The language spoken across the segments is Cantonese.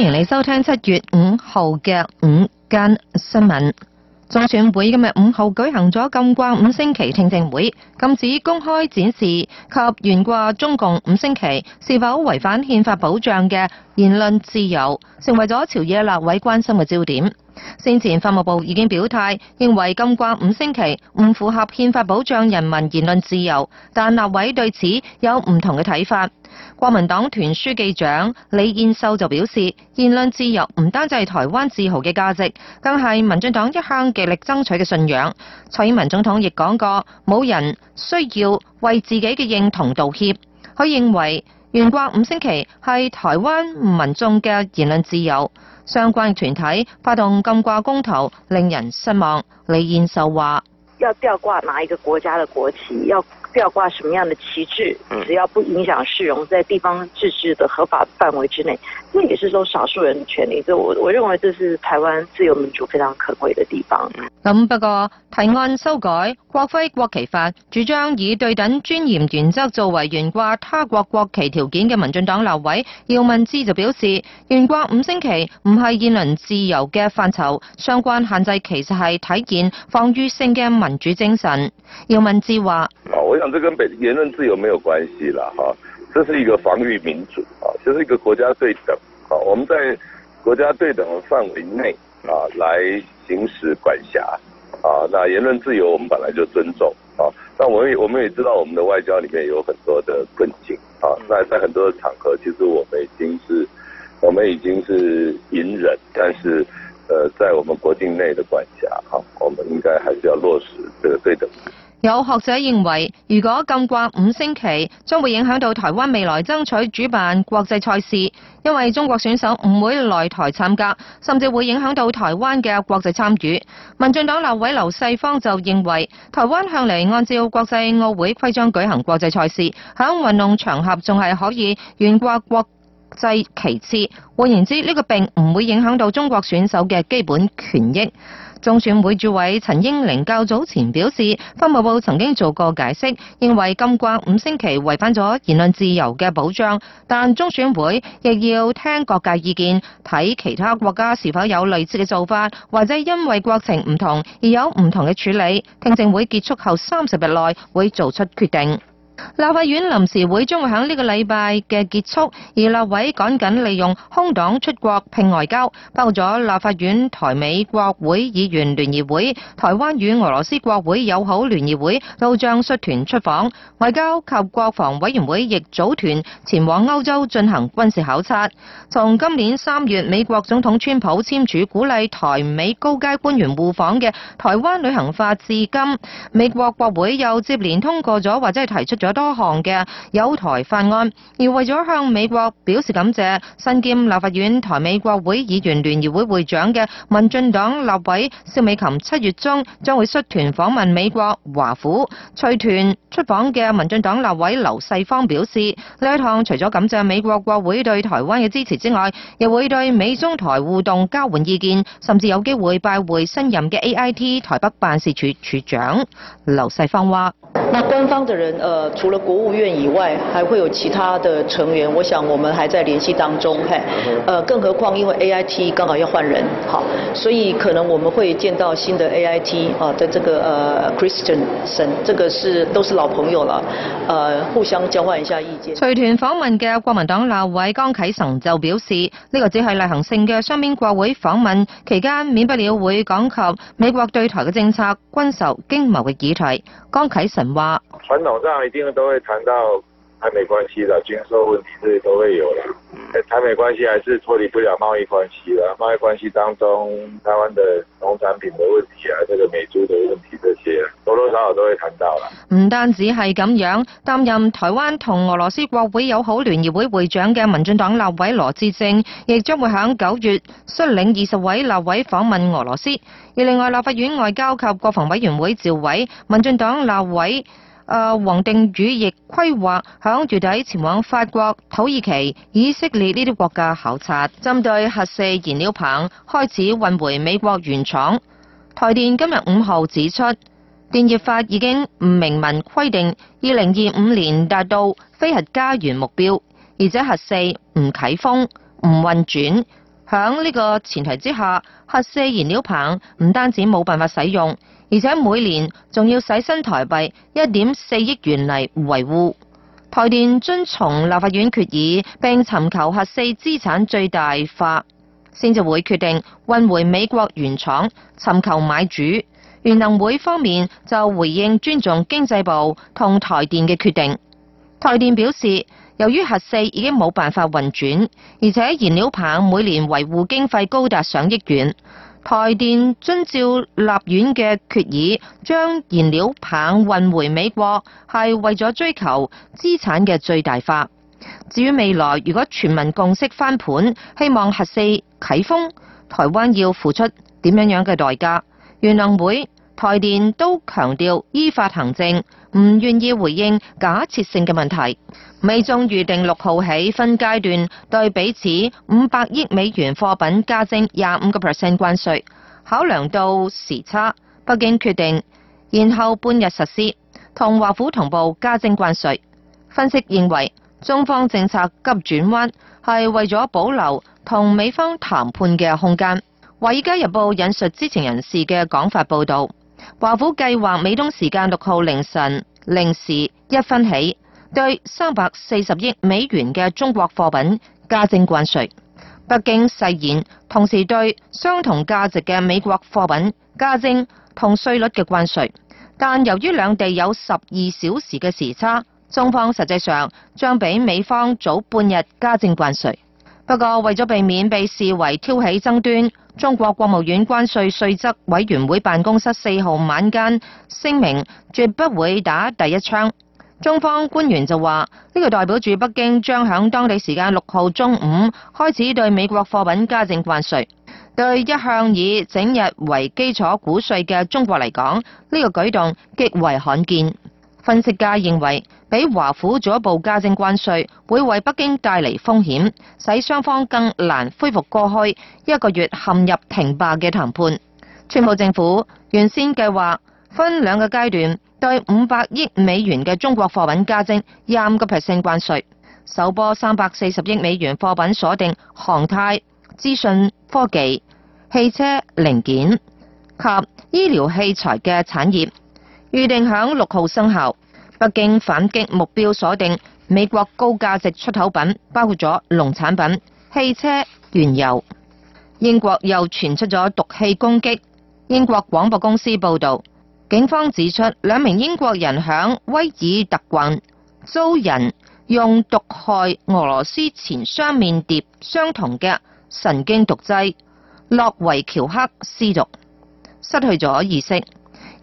歡迎你收聽七月五號嘅午間新聞。中選會今日五號舉行咗禁掛五星旗聽證會，禁止公開展示及懸掛中共五星旗，是否違反憲法保障嘅言論自由，成為咗朝野立委關心嘅焦點。先前法務部已經表態，認為禁掛五星旗唔符合憲法保障人民言論自由，但立委對此有唔同嘅睇法。國民黨團書記長李彥秀就表示，言論自由唔單止係台灣自豪嘅價值，更係民進黨一向極力爭取嘅信仰。蔡英文總統亦講過，冇人需要為自己嘅認同道歉。佢認為懸掛五星旗係台灣民眾嘅言論自由。相關團體發動禁掛公投，令人失望。李彥秀話：要吊掛哪一個國家嘅國旗？要。不要掛什麼樣的旗幟，只要不影響市容，在地方自治的合法範圍之內，那也是種少數人的權利。所以我我認為這是台灣自由民主非常可貴的地方。咁、嗯、不過提案修改國徽國旗法，主張以對等尊嚴原則作為懸掛他國國旗條件嘅民進黨立委姚文智就表示，懸掛五星旗唔係言論自由嘅範疇，相關限制其實係體現防禦性嘅民主精神。姚文智話。我想這跟北言論自由沒有關係了哈，這是一個防御民主啊，這是一個國家對等啊，我們在國家對等的範圍內啊來行使管轄啊，那言論自由我們本來就尊重啊，但我也我們也知道我們的外交裏面有很多的困境啊，那在很多的場合其實我們已經是我們已經是隱忍，但是呃在我們國境內的管轄啊，我們應該還是要落實這個對等。有學者認為，如果禁掛五星旗，將會影響到台灣未來爭取主辦國際賽事，因為中國選手唔會來台參加，甚至會影響到台灣嘅國際參與。民進黨立委劉世芳就認為，台灣向嚟按照國際奧會規章舉行國際賽事，響運動場合仲係可以懸掛國際旗幟。換言之，呢、這個並唔會影響到中國選手嘅基本權益。中選會主委陳英玲較早前表示，法務部曾經做過解釋，認為今季五星期違反咗言論自由嘅保障，但中選會亦要聽各界意見，睇其他國家是否有類似嘅做法，或者因為國情唔同而有唔同嘅處理。聽證會結束後三十日內會做出決定。立法院臨時會將會喺呢個禮拜嘅結束，而立委趕緊利用空檔出國拼外交，包括咗立法院台美國會議員聯誼會、台灣與俄羅斯國會友好聯誼會都將率團出訪，外交及國防委員會亦組團前往歐洲進行軍事考察。從今年三月美國總統川普簽署鼓勵台美高階官員互訪嘅台灣旅行法至今，美國國會又接連通過咗或者提出咗。多項嘅友台法案，而為咗向美國表示感謝，身兼立法院台美國會議員聯誼會會長嘅民進黨立委蕭美琴，七月中將會率團訪問美國華府。隨團出訪嘅民進黨立委劉世芳表示，呢一趟除咗感謝美國國會對台灣嘅支持之外，亦會對美中台互動交換意見，甚至有機會拜會新任嘅 AIT 台北辦事處處長劉。劉世芳話。那官方的人，呃，除了國務院以外，還會有其他的成員。我想我們還在聯繫當中，嘿，呃，更何況因為 AIT 剛好要換人，好，所以可能我們會見到新的 AIT 啊，在這個呃 Christensen，這個，呃，Christensen，這個是都是老朋友了，呃，互相交換一下意見。隨團訪問嘅國民黨立委江啟臣就表示，呢、這個只係例行性嘅雙邊國會訪問，期間免不了會講及美國對台嘅政策、軍售、經貿嘅議題。江啟臣傳統上一定都會談到。台美關係啦，軍售問題這些都會有啦。台美關係還是脫離不了貿易關係啦。貿易關係當中，台灣的農產品的問題啊，這個美豬的問題這些多多少少都會談到啦。唔單止係咁樣，擔任台灣同俄羅斯國會友好聯誼會會長嘅民進黨立委羅志正，亦將會響九月率領二十位立委訪問俄羅斯。而另外，立法院外交及國防委員會召委、民進黨立委。啊，王、呃、定宇亦規劃響月底前往法國、土耳其、以色列呢啲國家考察，針對核四燃料棒開始運回美國原廠。台電今日五號指出，電業法已經唔明文規定二零二五年達到非核家園目標，而且核四唔啟封、唔運轉。響呢個前提之下，核四燃料棒唔單止冇辦法使用。而且每年仲要洗新台幣一點四億元嚟維護。台電遵從立法院決議，並尋求核四資產最大化，先至會決定運回美國原廠尋求買主。原能會方面就回應尊重經濟部同台電嘅決定。台電表示，由於核四已經冇辦法運轉，而且燃料棒每年維護經費高達上億元。台電遵照立院嘅決議，將燃料棒運回美國，係為咗追求資產嘅最大化。至於未來，如果全民共識翻盤，希望核四啟封，台灣要付出點樣樣嘅代價？元能會。台電都強調依法行政，唔願意回應假設性嘅問題。美中預定六號起分階段對彼此五百億美元貨品加徵廿五個 percent 關稅。考量到時差，北京決定延後半日實施，同華府同步加徵關稅。分析認為，中方政策急轉彎係為咗保留同美方談判嘅空間。《華爾街日報》引述知情人士嘅講法報導。華府計劃美東時間六號凌晨零時一分起，對三百四十億美元嘅中國貨品加徵關稅。北京誓言同時對相同價值嘅美國貨品加徵同稅率嘅關稅，但由於兩地有十二小時嘅時差，中方實際上將比美方早半日加徵關稅。不過為咗避免被視為挑起爭端，中國國務院關稅稅則委員會辦公室四號晚間聲明絕不會打第一槍。中方官員就話，呢個代表住北京將響當地時間六號中午開始對美國貨品加徵關稅。對一向以整日為基礎股稅嘅中國嚟講，呢個舉動極為罕見。分析家認為，比華府早一步加徵關稅，會為北京帶嚟風險，使雙方更難恢復過去一個月陷入停擺嘅談判。川普政府原先計劃分兩個階段，對五百億美元嘅中國貨品加徵廿五個 percent 關稅，首波三百四十億美元貨品鎖定航太、資訊科技、汽車零件及醫療器材嘅產業。預定響六號生效。北京反擊目標鎖定美國高價值出口品，包括咗農產品、汽車、原油。英國又傳出咗毒氣攻擊。英國廣播公司報道，警方指出兩名英國人響威爾特郡遭人用毒害俄羅斯前雙面諜相同嘅神經毒劑諾維喬克施毒，失去咗意識。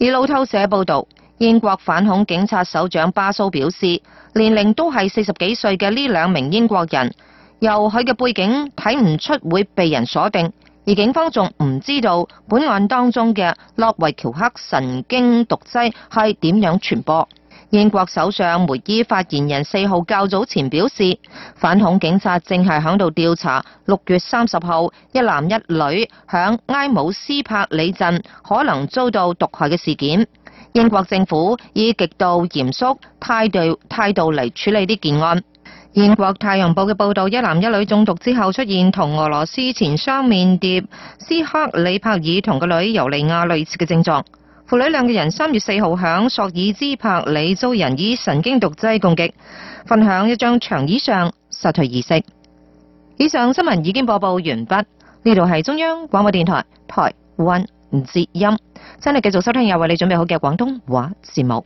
而路透社報道，英國反恐警察首長巴蘇表示，年齡都係四十幾歲嘅呢兩名英國人，由佢嘅背景睇唔出會被人鎖定，而警方仲唔知道本案當中嘅諾維喬克神經毒劑係點樣傳播。英國首相梅伊發言人四號較早前表示，反恐警察正係響度調查六月三十號一男一女響埃姆斯帕里鎮可能遭到毒害嘅事件。英國政府以極度嚴肅態度態度嚟處理呢件案。英國太陽報嘅報道，一男一女中毒之後出現同俄羅斯前雙面諜斯克里帕爾同個女尤利亞類似嘅症狀。父女兩個人三月四號響索爾茲柏里遭人以神經毒劑攻擊，瞓喺一張長椅上殺退而式。以上新聞已經播報完畢，呢度係中央廣播電台台灣之音，請你繼續收聽有為你準備好嘅廣東話節目。